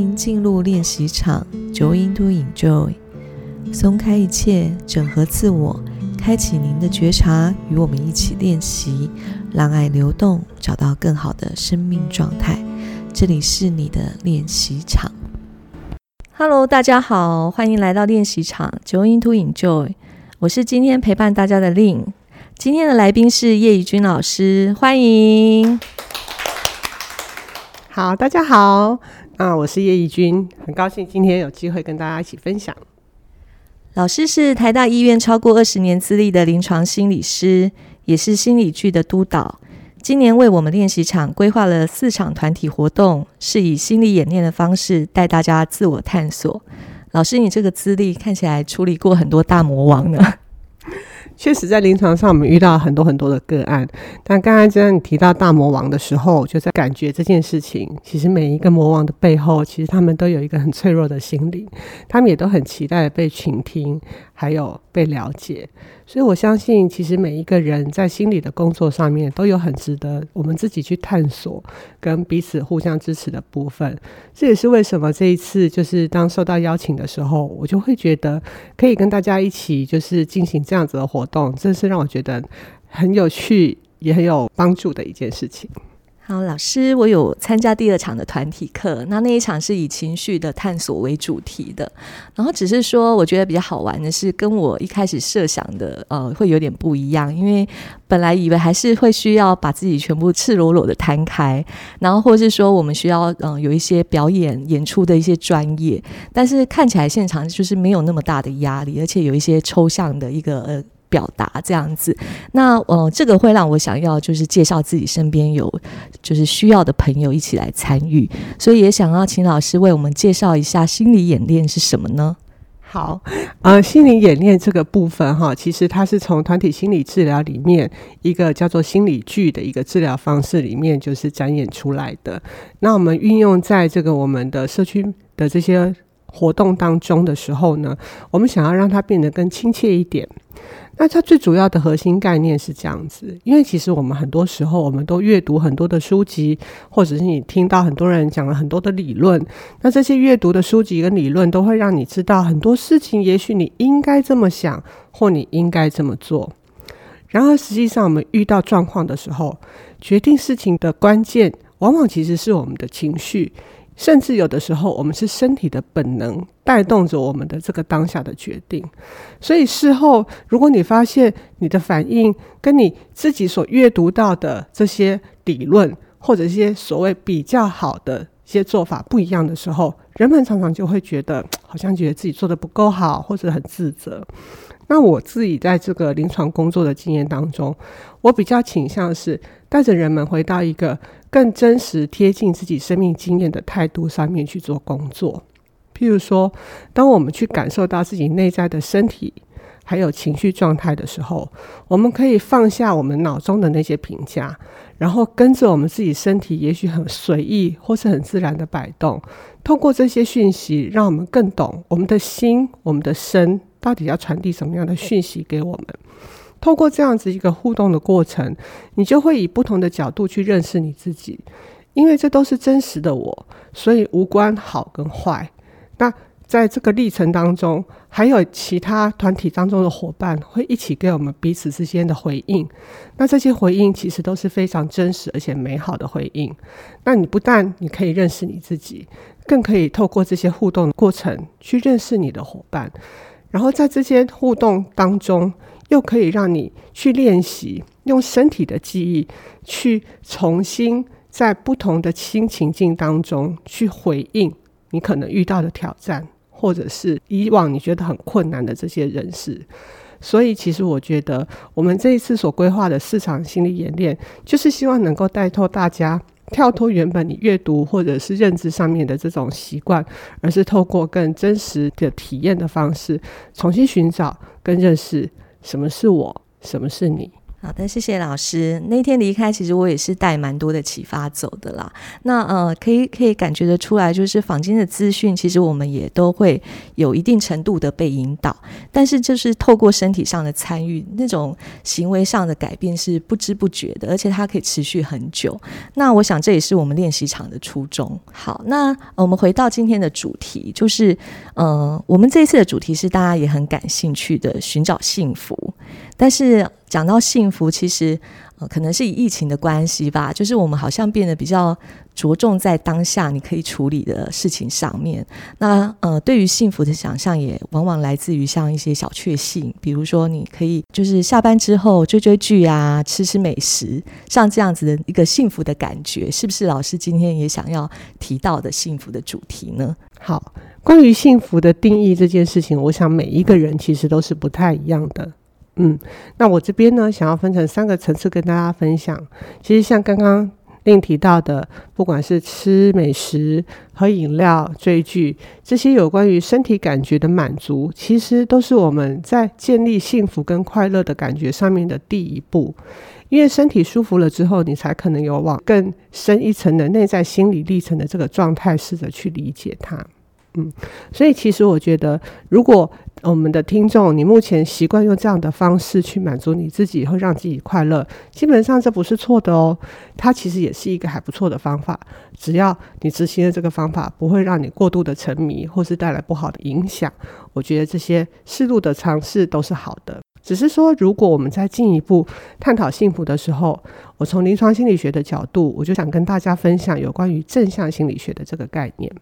您進入練習場 Joy into enjoy，鬆開一切，整合自我，開啟您的覺察，與我們一起練習，讓愛流動，找到更好的生命狀態。這裡是你的練習場。Hello，大家好，歡迎來到練習場 Joy into enjoy。我是今天陪伴大家的 Lynn。今天的來賓是葉怡君老師，歡迎。好，大家好。啊，我是葉怡君，很高興今天有機會跟大家一起分享。老師是台大醫院超過二十年資歷的臨床心理師，也是心理劇的督導。今年為我們練習場規劃了四場團體活動，是以心理演練的方式帶大家自我探索。老師，你這個資歷看起來處理過很多大魔王呢？確實，在臨床上我們遇到很多很多的個案，但剛剛既然你提到大魔王的時候，我就在感覺這件事情，其實每一個魔王的背後，其實他們都有一個很脆弱的心理，他們也都很期待被傾聽，還有。被了解，所以我相信，其實每一個人在心理的工作上面都有很值得我們自己去探索，跟彼此互相支持的部分。這也是為什麼這一次，就是當受到邀請的時候，我就會覺得可以跟大家一起，就是進行這樣子的活動，這是讓我覺得很有趣，也很有幫助的一件事情。好，老師，我有參加第二場的團體課，那那一場是以情緒的探索為主題的。然後只是說，我覺得比較好玩的是，跟我一開始設想的，呃，會有點不一樣。因為本來以為還是會需要把自己全部赤裸裸的攤開，然後或者是說，我們需要嗯、呃、有一些表演演出的一些專業。但是看起來現場就是沒有那麼大的壓力，而且有一些抽象的一個呃。表達這樣子，那呃，這個會讓我想要就是介紹自己身邊有就是需要的朋友一起來參與，所以也想要請老師為我們介紹一下心理演練是什麼呢？好，呃，心理演練這個部分哈，其實它是從團體心理治療裡面一個叫做心理劇的一個治療方式裡面就是展演出來的。那我們運用在這個我們的社區的這些活動當中的時候呢，我們想要讓它變得更親切一點。那它最主要的核心概念是這樣子，因為其實我們很多時候，我們都閱讀很多的書籍，或者是你聽到很多人講了很多的理論，那這些閱讀的書籍跟理論都會讓你知道很多事情，也許你應該這麼想，或你應該這麼做。然而，實際上我們遇到狀況的時候，決定事情的關鍵，往往其實是我們的情緒。甚至有的時候，我們是身體的本能帶動着我們的這個當下的決定。所以事後，如果你發現你的反應跟你自己所閱讀到的這些理論或者一些所謂比較好的一些做法不一樣的時候，人們常常就會覺得好像覺得自己做得不夠好，或者很自責。那我自己在這個臨床工作的經驗當中，我比較傾向的是，帶着人們回到一個更真實、貼近自己生命經驗的態度上面去做工作。譬如說，當我們去感受到自己內在的身體還有情緒狀態的時候，我們可以放下我們腦中的那些評價，然後跟着我們自己身體，也許很隨意或是很自然的擺動。通過這些訊息，讓我們更懂我們的心、我們的身到底要傳遞什麼樣的訊息給我們。透過這樣子一個互動的過程，你就會以不同的角度去認識你自己，因為這都是真實的我，所以無關好跟壞。那在這個歷程當中，還有其他團體當中的夥伴會一起給我們彼此之間的回應，那這些回應其實都是非常真實而且美好的回應。那你不但你可以認識你自己，更可以透過這些互動的過程去認識你的夥伴，然後在這些互動當中，又可以讓你去練習用身體的記憶去重新在不同的新情境當中去回應你可能遇到的挑戰，或者是以往你覺得很困難的這些人事。所以，其實我覺得我們這一次所規劃的實體心理演練，就是希望能夠帶托大家跳脫原本你閱讀或者是認知上面的這種習慣，而是透過更真實的體驗的方式，重新尋找跟認識。什麼是我？什麼是你。好的，謝謝老師。那天離開，其實我也是帶蠻多的啟發走的啦。那呃，可以可以感覺得出來，就是坊間的資訊，其實我們也都會有一定程度的被引導。但是，就是透過身體上的參與，那種行為上的改變是不知不覺的，而且它可以持續很久。那我想，這也是我們練習場的初衷。好，那，呃，我們回到今天的主題，就是嗯，呃，我們這一次的主題是大家也很感興趣的尋找幸福，但是。講到幸福，其實，呃，可能是以疫情的關係吧，就是我們好像變得比較着重在當下你可以處理的事情上面。那呃，對於幸福的想象，也往往來自於像一些小確幸，比如說你可以就是下班之後追追劇啊，吃吃美食，像這樣子的一個幸福的感覺，是不是老師今天也想要提到的幸福的主題呢？好，關於幸福的定義這件事情，我想每一個人其實都是不太一樣的。嗯，那我這邊呢，想要分成三個層次跟大家分享。其實像剛剛令提到的，不管是吃美食、喝飲料、追劇，這些有關於身體感覺的滿足，其實都是我們在建立幸福跟快樂的感覺上面的第一步。因為身體舒服了之後，你才可能有往更深一層的內在心理歷程的這個狀態，試着去理解它。嗯，所以其實我覺得，如果我們的聽眾你目前習慣用這樣的方式去滿足你自己，會讓自己快樂，基本上這不是錯的哦。它其實也是一個還不錯的方法，只要你執行的這個方法不會讓你過度的沉迷，或是帶來不好的影響，我覺得這些適度的嘗試都是好的。只是說，如果我們再進一步探討幸福的時候，我從臨床心理學的角度，我就想跟大家分享有關於正向心理學的這個概念。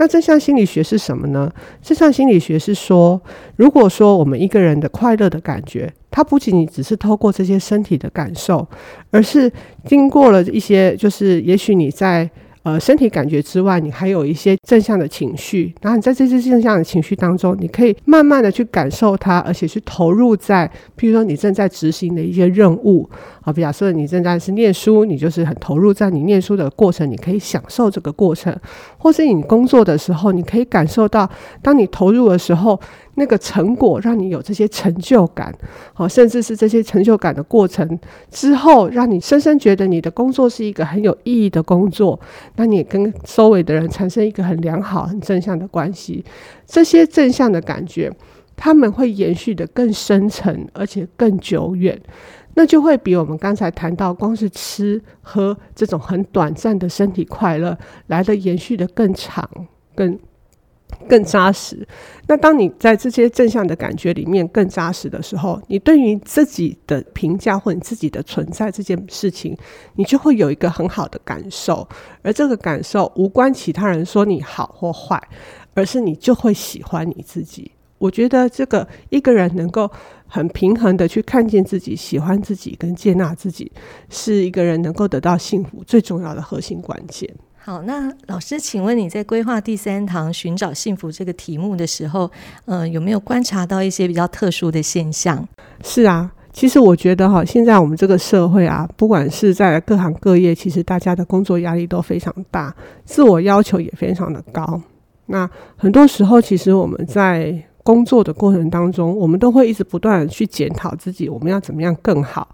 那正向心理學是什麼呢？正向心理學是說，如果說我們一個人的快樂的感覺，它不僅僅只是透過這些身體的感受，而是經過了一些，就是也許你在。呃，身體感覺之外，你還有一些正向的情緒，然後你在這些正向的情緒當中，你可以慢慢的去感受它，而且去投入在，譬如說你正在執行的一些任務，啊、呃，比如說你正在是念書，你就是很投入在你念書的過程，你可以享受這個過程，或是你工作的時候，你可以感受到，當你投入的時候。那個成果讓你有這些成就感，好，甚至是這些成就感的過程之後，讓你深深覺得你的工作是一個很有意義的工作。那你跟周圍的人產生一個很良好、很正向的關係。這些正向的感覺，他們會延續得更深沉，而且更久遠。那就會比我們剛才談到光是吃喝這種很短暫的身體快樂來得延續得更長、更。更扎實。那當你在這些正向的感覺裡面更扎實的時候，你對於自己的評價或你自己的存在這件事情，你就會有一個很好的感受。而這個感受無關其他人說你好或壞，而是你就會喜歡你自己。我覺得這個一個人能夠很平衡的去看見自己、喜歡自己跟接納自己，是一個人能夠得到幸福最重要的核心關鍵。好，那老師，請問你在規劃第三堂“尋找幸福”這個題目的時候，呃，有沒有觀察到一些比較特殊的現象？是啊，其實我覺得哈、哦，現在我們這個社會啊，不管是在各行各業，其實大家的工作壓力都非常大，自我要求也非常的高。那很多時候，其實我們在工作的過程當中，我們都會一直不斷地去檢討自己，我們要怎麼樣更好，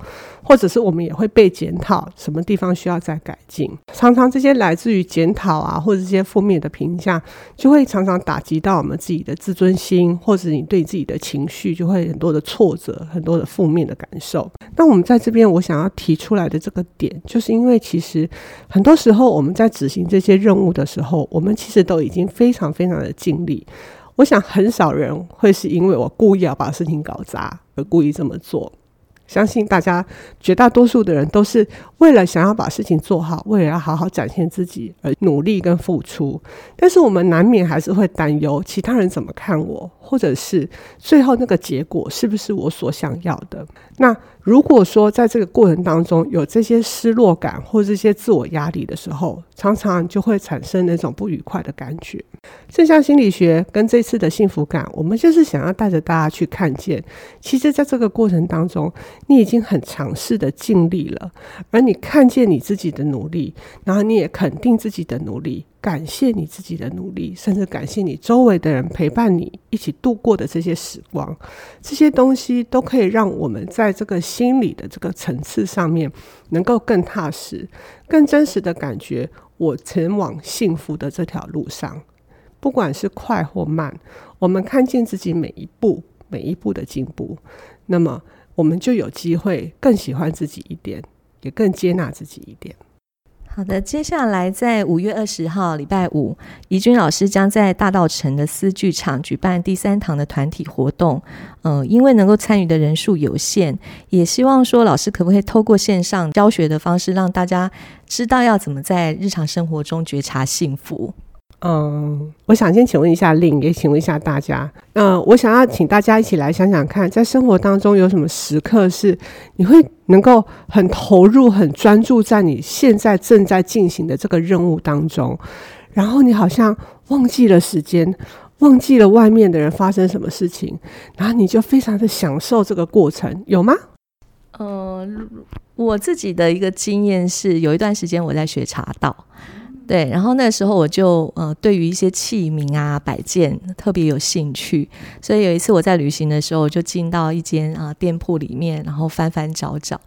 或者是我們也會被檢討，什麼地方需要再改進。常常這些來自於檢討啊，或者這些負面的評價，就會常常打擊到我們自己的自尊心，或者你對自己的情緒就會很多的挫折，很多的負面的感受。那我們在這邊，我想要提出來的這個點，就是因為其實很多時候我們在執行這些任務的時候，我們其實都已經非常非常的盡力。我想，很少人會是因為我故意要把事情搞砸而故意這麼做。相信大家絕大多數的人都是為了想要把事情做好，為了要好好展現自己而努力跟付出。但是我們難免還是會擔憂其他人怎麼看我，或者是最後那個結果是不是我所想要的。那如果說在這個過程當中有這些失落感或這些自我壓力的時候，常常就會產生那種不愉快的感覺。正向心理學跟這次的幸福感，我們就是想要帶着大家去看見，其實在這個過程當中。你已經很嘗試的盡力了，而你看見你自己的努力，然後你也肯定自己的努力，感謝你自己的努力，甚至感謝你周圍的人陪伴你一起度過的這些時光，這些東西都可以讓我們在這個心理的這個層次上面，能夠更踏實、更真實的感覺。我前往幸福的這條路上，不管是快或慢，我們看見自己每一步、每一步的進步，那麼。我們就有機會更喜歡自己一點，也更接納自己一點。好的，接下來在五月二十號禮拜五，怡君老師將在大稻埕的思劇場舉辦第三堂的團體活動。嗯、呃，因為能夠參與的人數有限，也希望說老師可不可以透過線上教學的方式，讓大家知道要怎麼在日常生活中覺察幸福。嗯，我想先請問一下令，也請問一下大家。嗯，我想要請大家一起來想想看，在生活當中有什麼時刻是你會能夠很投入、很專注在你現在正在進行的這個任務當中，然後你好像忘記了時間，忘記了外面的人發生什麼事情，然後你就非常的享受這個過程，有嗎？呃，我自己的一個經驗是，有一段時間我在學茶道。對，然後那時候我就呃，對於一些器皿啊、擺件特別有興趣，所以有一次我在旅行的時候，我就進到一間啊、呃、店鋪裡面，然後翻翻找找，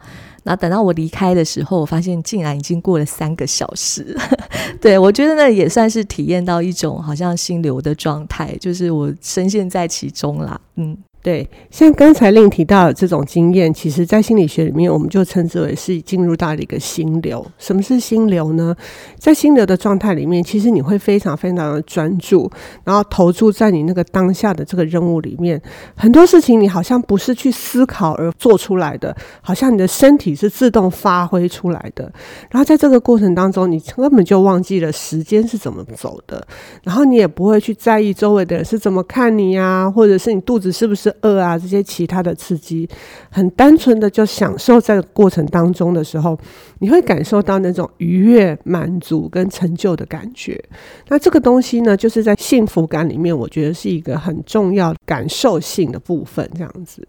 然後等到我離開的時候，我發現竟然已經過了三個小時。 對，我覺得那，也算是體驗到一種好像心流的狀態，就是我深陷在其中啦，嗯。對，像剛才令提到的這種經驗，其實，在心理學裡面，我們就稱之為是進入到了一個心流。什麼是心流呢？在心流的狀態裡面，其實你會非常非常的專注，然後投注在你那個當下的這個任務裡面。很多事情你好像不是去思考而做出來的，好像你的身體是自動發揮出來的。然後在這個過程當中，你根本就忘記了時間是怎麼走的，然後你也不會去在意周圍的人是怎麼看你呀、啊，或者是你肚子是不是。呃啊，這些其他的刺激，很單純的就享受在過程當中的時候，你會感受到那種愉悅、滿足跟成就的感覺。那這個東西呢，就是在幸福感裡面，我覺得是一個很重要感受性的部分，這樣子。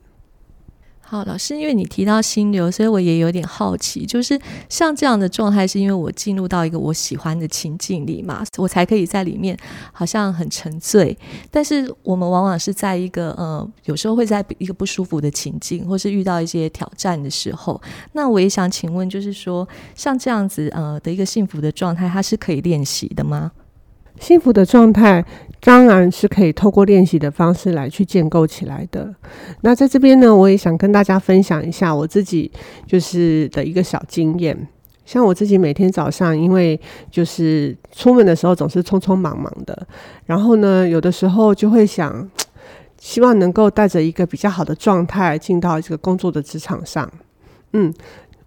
好，老師，因為你提到心流，所以我也有點好奇，就是像這樣的狀態，是因為我進入到一個我喜歡的情境裡嘛，我才可以在裡面好像很沉醉。但是我們往往是在一個呃，有時候會在一個不舒服的情境，或是遇到一些挑戰的時候，那我也想請問，就是說像這樣子呃的一個幸福的狀態，它是可以練習的嗎？幸福的狀態當然是可以透過練習的方式來去建構起來的。那在這邊呢，我也想跟大家分享一下我自己就是的一個小經驗。像我自己每天早上，因為就是出門的時候總是匆匆忙忙的，然後呢，有的時候就會想，希望能夠帶着一個比較好的狀態進到這個工作的職場上。嗯。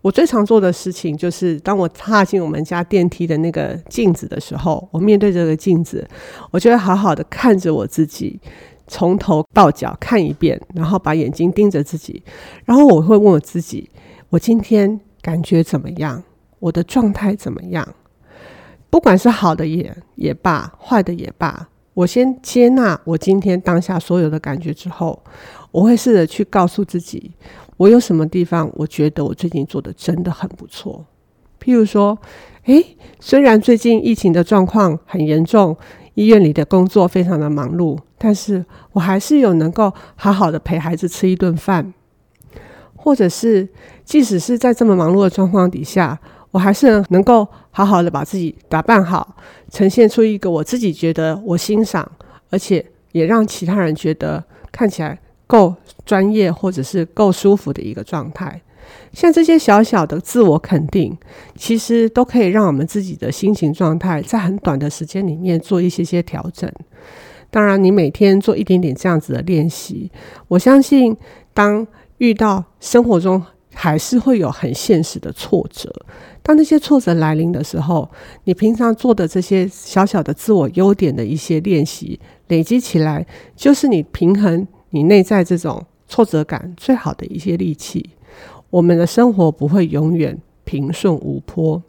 我最常做的事情就是，當我踏進我們家電梯的那個鏡子的時候，我面對這個鏡子，我就會好好的看着我自己，從頭到腳看一遍，然後把眼睛盯着自己，然後我會問我自己：我今天感覺怎麼樣？我的狀態怎麼樣？不管是好的也也罷，壞的也罷，我先接納我今天當下所有的感覺之後，我會試着去告訴自己。我有什麼地方，我覺得我最近做的真的很不錯。譬如說，誒，雖然最近疫情的狀況很嚴重，醫院裡的工作非常的忙碌，但是我還是有能夠好好的陪孩子吃一頓飯，或者是即使是在這麼忙碌的狀況底下，我還是能夠好好的把自己打扮好，呈現出一個我自己覺得我欣賞，而且也讓其他人覺得看起來夠。專業或者是夠舒服的一個狀態，像這些小小的自我肯定，其實都可以讓我們自己的心情狀態在很短的時間裡面做一些些調整。當然，你每天做一點點這樣子的練習，我相信，當遇到生活中還是會有很現實的挫折，當那些挫折來臨的時候，你平常做的這些小小的自我優點的一些練習，累積起來，就是你平衡你內在這種。挫折感最好的一些利器。我們的生活不會永遠平順無波，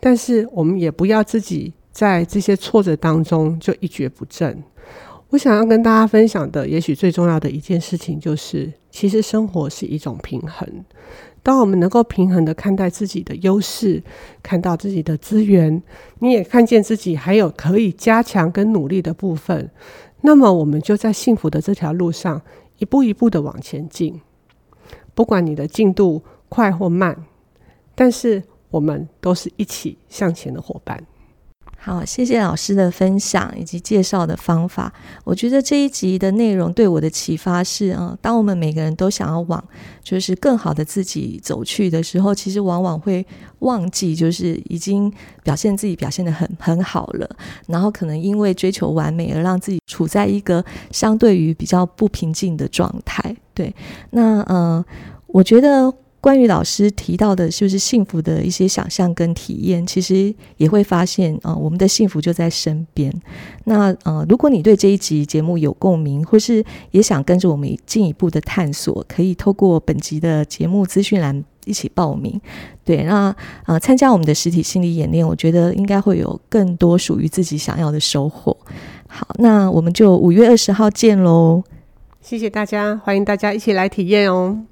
但是我們也不要自己在這些挫折當中就一蹶不振。我想要跟大家分享的，也許最重要的一件事情就是，其實生活是一種平衡。當我們能夠平衡地看待自己的優勢，看到自己的資源，你也看見自己還有可以加強跟努力的部分，那麼我們就在幸福的這條路上一步一步的往前進，不管你的進度快或慢，但是我們都是一起向前的夥伴。好，謝謝老師的分享以及介紹的方法。我覺得這一集的內容對我的啟發是啊、嗯，當我們每個人都想要往就是更好的自己走去的時候，其實往往會忘記，就是已經表現自己表現得很很好了，然後可能因為追求完美而讓自己處在一個相對於比較不平靜的狀態。對，那呃，我覺得。關於老師提到的，就是，是幸福的一些想象跟體驗，其實也會發現，啊、呃，我們的幸福就在身邊。那，呃，如果你對這一集節目有共鳴，或是也想跟着我們進一步的探索，可以透過本集的節目資訊欄一起報名。對，那，呃，參加我們的實體心理演練，我覺得應該會有更多屬於自己想要的收穫。好，那我們就五月二十號見嘍！謝謝大家，歡迎大家一起來體驗哦。